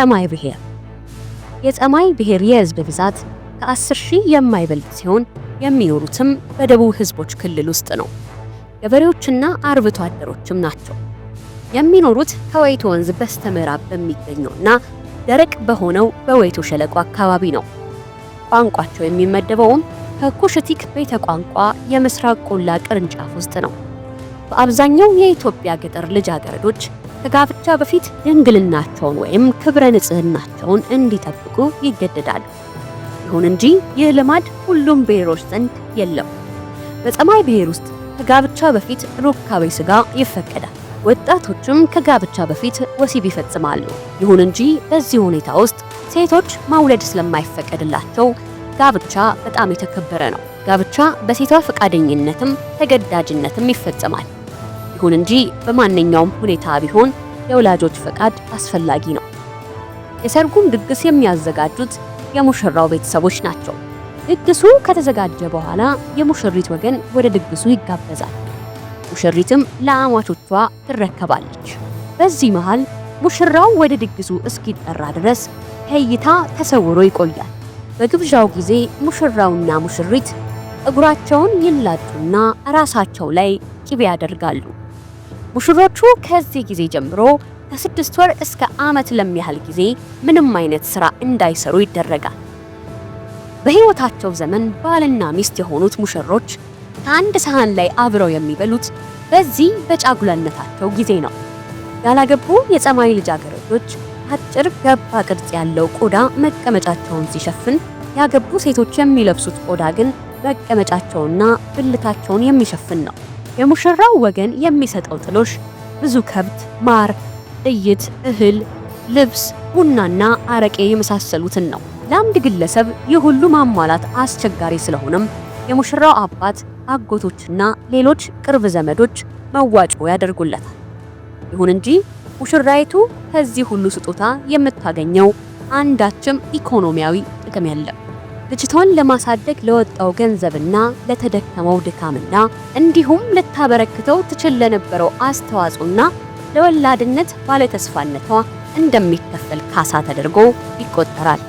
የጸማይ ብሔር የጸማይ ብሔር የህዝብ ብዛት ከአስር ሺህ የማይበልጥ ሲሆን የሚኖሩትም በደቡብ ህዝቦች ክልል ውስጥ ነው። ገበሬዎችና አርብቶ አደሮችም ናቸው። የሚኖሩት ከወይቶ ወንዝ በስተምዕራብ በሚገኘውና ደረቅ በሆነው በወይቶ ሸለቆ አካባቢ ነው። ቋንቋቸው የሚመደበውም ከኩሽቲክ ቤተ ቋንቋ የምስራቅ ቆላ ቅርንጫፍ ውስጥ ነው። በአብዛኛው የኢትዮጵያ ገጠር ልጃገረዶች ከጋብቻ በፊት ድንግልናቸውን ወይም ክብረ ንጽህናቸውን እንዲጠብቁ ይገደዳሉ። ይሁን እንጂ ይህ ልማድ ሁሉም ብሔሮች ዘንድ የለም። በፀማይ ብሔር ውስጥ ከጋብቻ በፊት ሩካቤ ስጋ ይፈቀዳል። ወጣቶችም ከጋብቻ በፊት ወሲብ ይፈጽማሉ። ይሁን እንጂ በዚህ ሁኔታ ውስጥ ሴቶች መውለድ ስለማይፈቀድላቸው ጋብቻ በጣም የተከበረ ነው። ጋብቻ በሴቷ ፈቃደኝነትም ተገዳጅነትም ይፈጸማል። ይሁን እንጂ በማንኛውም ሁኔታ ቢሆን የወላጆች ፈቃድ አስፈላጊ ነው። የሰርጉም ድግስ የሚያዘጋጁት የሙሽራው ቤተሰቦች ናቸው። ድግሱ ከተዘጋጀ በኋላ የሙሽሪት ወገን ወደ ድግሱ ይጋበዛል። ሙሽሪትም ለአማቾቿ ትረከባለች። በዚህ መሃል ሙሽራው ወደ ድግሱ እስኪጠራ ድረስ ከእይታ ተሰውሮ ይቆያል። በግብዣው ጊዜ ሙሽራውና ሙሽሪት እግራቸውን ይላጩና ራሳቸው ላይ ቂቤ ያደርጋሉ። ሙሽሮቹ ከዚህ ጊዜ ጀምሮ ከስድስት ወር እስከ ዓመት ለሚያህል ጊዜ ምንም አይነት ስራ እንዳይሰሩ ይደረጋል። በህይወታቸው ዘመን ባልና ሚስት የሆኑት ሙሽሮች ከአንድ ሰሃን ላይ አብረው የሚበሉት በዚህ በጫጉላነታቸው ጊዜ ነው። ያላገቡ የፀማይ ልጃገረዶች አጭር ገባ ቅርጽ ያለው ቆዳ መቀመጫቸውን ሲሸፍን፣ ያገቡ ሴቶች የሚለብሱት ቆዳ ግን መቀመጫቸውና ብልታቸውን የሚሸፍን ነው። የሙሽራው ወገን የሚሰጠው ጥሎሽ ብዙ ከብት፣ ማር፣ ጥይት፣ እህል፣ ልብስ፣ ቡናና አረቄ የመሳሰሉትን ነው። ለአንድ ግለሰብ ይህ ሁሉ ማሟላት አስቸጋሪ ስለሆነም የሙሽራው አባት፣ አጎቶችና ሌሎች ቅርብ ዘመዶች መዋጮ ያደርጉለታል። ይሁን እንጂ ሙሽራይቱ ከዚህ ሁሉ ስጦታ የምታገኘው አንዳችም ኢኮኖሚያዊ ጥቅም የለም። ልጅቷን ለማሳደግ ለወጣው ገንዘብና ለተደከመው ድካምና እንዲሁም ልታበረክተው ትችል ለነበረው አስተዋጽኦና ለወላድነት ባለተስፋነቷ እንደሚከፈል ካሳ ተደርጎ ይቆጠራል።